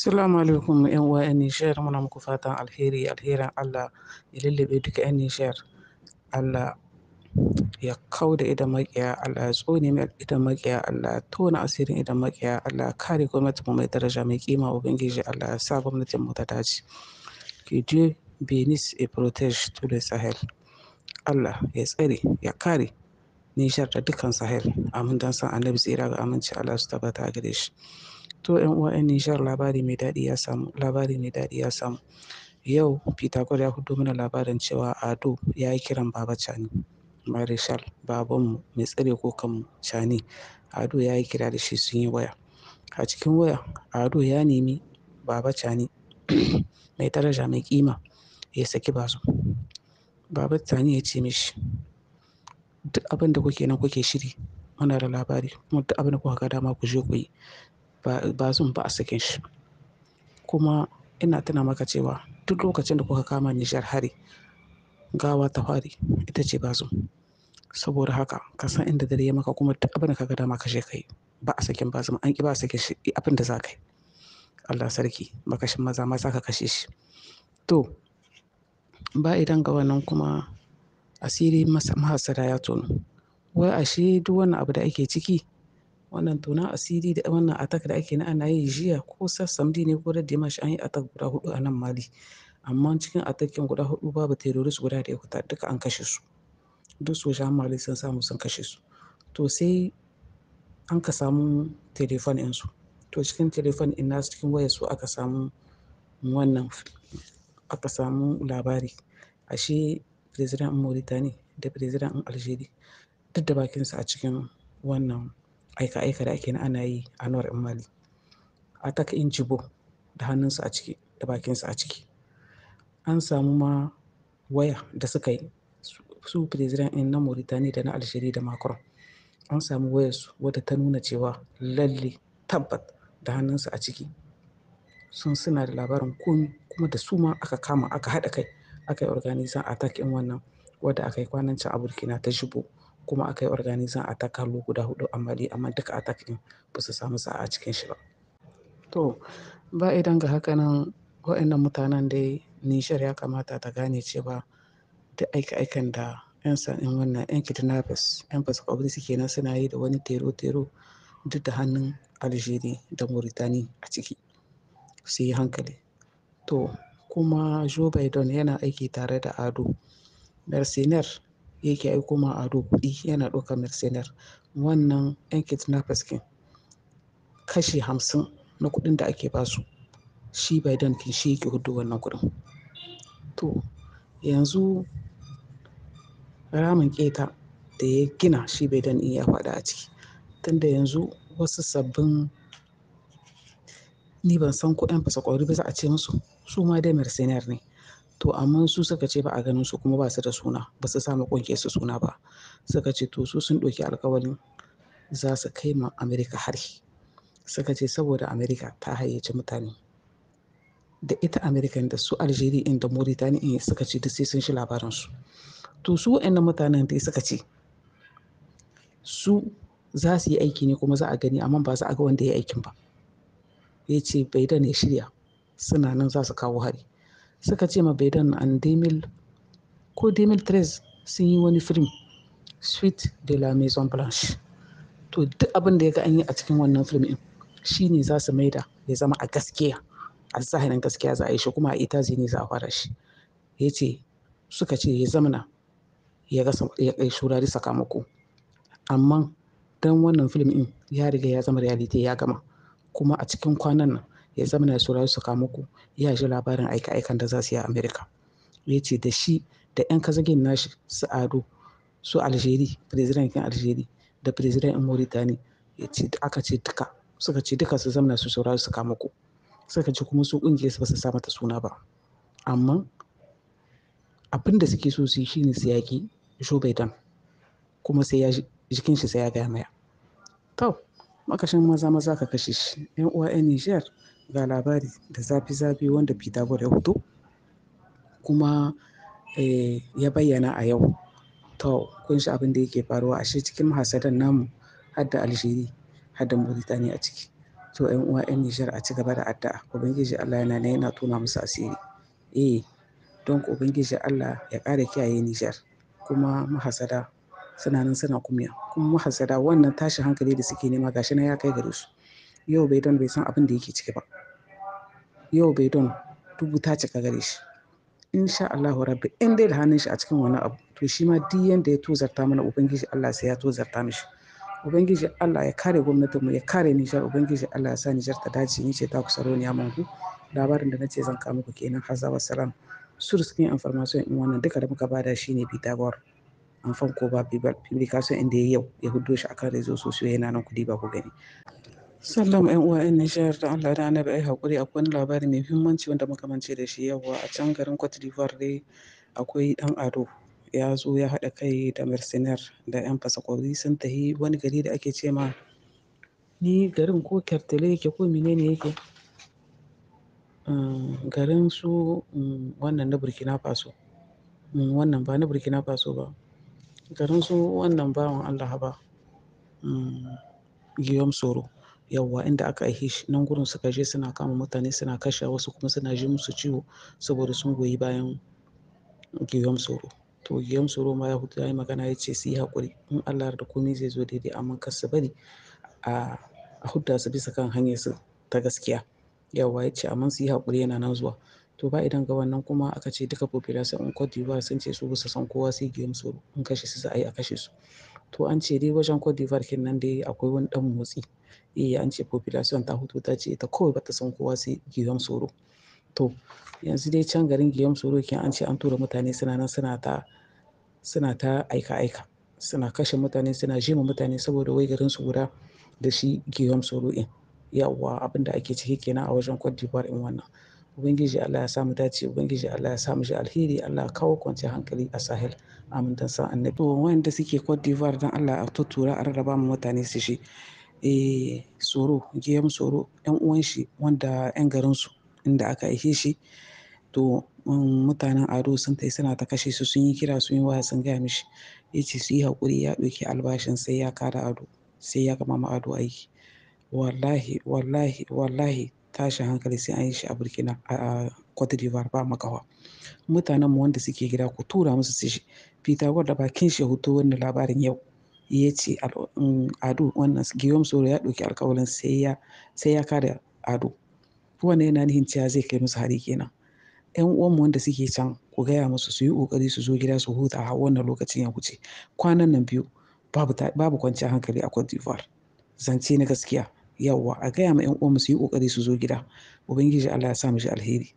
Assalamu alaikum ‘yan uwa ‘yan Nijar muna muku fatan alheri alherin Allah ya lullube duka ‘yan Nijar Allah ya kau da idan makiya Allah ya tsone mai idan makiya Allah tona asirin idan makiya Allah kare gwamnati mu mai daraja mai kima ubangiji Allah ya sa gwamnatin mu ta dace Ke je bénisse a protège to the Sahel Allah ya tsare ya kare Nijar da dukkan Sahel amin dan san Annabi tsira ga aminci Allah su tabbata gare shi To ‘yan uwa ‘yan Nijar labari mai daɗi ya samu, labari mai daɗi ya samu. Yau Fitagor ya hudo mana labarin cewa Ado ya yi kiran Baba Cani, Marishal, babanmu mai tsare kukanmu Cani. Ado ya yi kira da shi sun yi waya. A cikin waya, Ado ya nemi Baba Cani mai daraja mai kima ya saki basu. Baba Cani ya ce mishi, duk abin da kuke nan kuke shiri muna da labari kuma duk abin da kuka ga dama ku je ku yi. zan ba a sakin shi kuma ina tuna maka cewa duk lokacin da kuka kama nishar hari gawa ta fari ita ce bazum saboda haka ka san inda dare ya maka kuma duk abin da kaga dama kashe kai ba a sakin bazum an ki ba a sake shi abin da za kai Allah sarki makashin maza ma za ka kashe shi to ba idan ga wannan kuma asiri mahasada ya tono wai ashe duk wani abu da ake ciki wannan tona asiri da wannan attack da ake na ana yi jiya ko samdi ne ko da dimash an yi attack guda hudu a nan mali amma cikin attack guda hudu babu terrorist guda da ya fita duka an kashe su duk sojan mali sun samu sun kashe su to sai an ka samu telefon su to cikin telefon ɗin nasu cikin wayar su aka samu wannan aka samu labari ashe president mauritania da president algeria duk da bakinsa a cikin wannan aika-aika da ake na ana yi Anwar ‘yan Mali. A taka Injibo da hannunsu a ciki da bakinsu a ciki. An samu ma waya da suka yi su president ɗin na moritani da na alshiri da Macron. An samu wayarsu wadda ta nuna cewa lalle tabbat da hannunsu a ciki sun suna da labarin komi kuma da su ma aka kama aka haɗa kai aka yi a attack in wannan wadda aka yi kwanan can a Burkina ta Jibo. kuma aka yi organizing attack har guda hudu amma dai amma duka attack din ba su samu sa'a cikin shi ba to ba idan ga haka nan waɗannan mutanen dai nishar ya kamata ta gane cewa duk aika-aikan da 'yan sanin wannan 'yan kidnappers 'yan fasakwabri suke nan suna yi da wani tero-tero duk da hannun algeria da mauritani a ciki su yi hankali to kuma joe biden yana aiki tare da ado mercenaire yake aiko ma ado kuɗi yana ɗaukar mercenaire wannan yan kidnappers kin kashi hamsin na kuɗin da ake basu shi biden kin shi yake hudu wannan kuɗin to yanzu ramin keta da ya gina shi biden in ya faɗa a ciki tunda yanzu wasu sabbin ni ban san kuɗin fasa ƙwauri ba za a ce musu su ma dai mercenaire ne to amma su suka ce ba a ganin su kuma ba su da suna ba su sami kunke su suna ba suka ce to su sun ɗauki alkawarin za su kai ma amerika hari suka ce saboda amerika ta hayyace mutane da ita amerika da su algeria inda mauritania in suka ce duk sai sun shi labarin su to su wa'annan mutanen dai suka ce su za su yi aiki ne kuma za a gani amma ba za a ga wanda ya aikin ba ya ce bai da ne shirya suna nan za su kawo hari suka ce ma Bedan and Demil ko Demil Tres sun yi wani film Sweet de la Maison Blanche. To duk abin da ya ga an yi a cikin wannan film ɗin shi ne za su maida ya zama a gaskiya a zahirin gaskiya za a yi shi kuma a ita ne za a fara shi. Ya ce suka ce ya zamana ya ga shurari sakamako. Amma don wannan film ɗin ya riga ya zama reality ya gama kuma a cikin kwanan nan ya zama na su su kama ku ya ji labarin aika-aikan da za su yi a amerika ya ce da shi da 'yan kazagin nashi su ado su algeri firizidankin algeri da firizidankin mauritani ya ce aka ce duka suka ce duka su zama na saurari su kama ku suka ce kuma su kungiyar su ba su sa ta suna ba amma abin da suke so su yi shine su yaƙi joe kuma sai ya jikin shi sai ya gaya maya to makashin maza maza ka kashe shi yan uwa yan niger ga labari da zafi-zafi wanda Pythagoras ya fito kuma eh, ya bayyana a yau. To, kun abin da yake faruwa ashe cikin mahasadan namu har da Algeria har da Mauritania a ciki. To, ‘yan uwa ‘yan Nijar a ci gaba da addu'a, Ubangiji Allah yana nan yana tona musu asiri. Eh, don Ubangiji Allah ya ƙara kiyaye Nijar kuma mahasada suna nan suna kumya kuma mahasada wannan tashin hankali da suke nema gashi na ya kai gare su. Yau bai don bai san abin da yake ciki ba. yau bai don dubu ta cika gare shi insha Allah rabbi in dai da hannun shi a cikin wani abu to shi ma duk yanda ya tozarta mana ubangiji Allah sai ya tozarta mishi ubangiji Allah ya kare gwamnatin mu ya kare Nijar ubangiji Allah ya sa Nijar ta dace ni ce ta kusa roniya ku labarin da nace zan kawo muku kenan hazza wassalam surskin information in wannan duka da muka bada shine Bitagor an fanko ba publication inda yau ya hudo shi akan rezo sosiyo yana nan kudi ba ku gani Sallam ‘yan uwa ‘yan Nijar da Allah da Annabi ai haƙuri akwai wani labari mai muhimmanci wanda muka mance da shi yawa a can garin Cote d'Ivoire dai akwai ɗan ado ya zo ya haɗa kai da mercenaire da ‘yan fasakwari sun tahi wani gari da ake ce ma ni garin ko Kertele yake ko menene yake mm, garin su mm, wannan na Burkina Faso mm, wannan ba na Burkina Faso ba garin su wannan bawan Allah ba Guillaume Soro yawwa inda aka aihe shi nan gurin suka je suna kama mutane suna kashe wasu kuma suna ji musu ciwo saboda sun goyi bayan giyom soro to giyom tsoro ma ya hutu ya yi magana ya ce su yi haƙuri in allah da komai zai zo daidai amma kar su bari a hudda su bisa kan hanyar su ta gaskiya yawwa ya ce amma su yi haƙuri yana nan zuwa to ba idan ga wannan kuma aka ce duka population in cote d'ivoire sun ce su bisa san kowa sai giyom soro in kashe su za a yi a kashe su to an ce dai wajen Côte d'Ivoire kenan dai akwai wani dan motsi eh an ce population ta hutu ta ce ita kawai bata san kowa sai Guillaume Soro to yanzu dai can garin Guillaume Soro kin an ce an tura mutane suna nan suna ta suna ta aika aika suna kashe mutane suna jima mutane saboda wai garin su guda da shi Guillaume Soro in yawwa da ake ciki kenan a wajen Côte d'Ivoire in wannan ubangiji Allah ya sa mu dace ubangiji Allah ya sa mu shi alheri Allah ya kawo kwanci hankali a sahel amin dan san annabi to wanda suke Cote d'Ivoire dan Allah a tuttura a raba mu mutane su shi eh soro giyam soro yan uwan shi wanda ƴan garin su inda aka aike shi to um, mutanen ado sun tai suna ta kashe su sun yi kira sun yi waya sun gaya mishi yace su yi hakuri ya ɗauki albashin sai ya kara ado sai ya gama ado aiki wallahi wallahi wallahi tashin hankali sai an yi shi a burkina a cote d'ivoire ba makawa mutanen mu wanda suke gida ku tura musu su shi peter ward da bakin shi hoto wannan labarin yau ya ce um, ado wannan guillaume soro ya ɗauki alkawalin sai ya kare ado wannan yana nihin cewa zai kai musu hari kenan yan uwanmu wanda suke can ku gaya musu su yi kokari su zo gida su huta a wannan lokacin ya wuce kwanan nan biyu babu kwanciyar hankali a cote d'ivoire zance na gaskiya yawwa a gaya ma 'yan uwanmu su yi ƙoƙari su zo gida ubangiji allah ya sa mu shi alheri